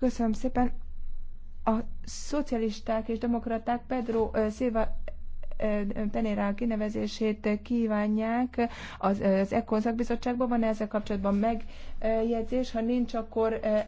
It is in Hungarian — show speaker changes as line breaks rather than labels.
Köszönöm szépen. A szocialisták és demokraták Pedro Silva Penéra kinevezését kívánják az, az ECON szakbizottságban. Van -e ezzel kapcsolatban megjegyzés? Ha nincs, akkor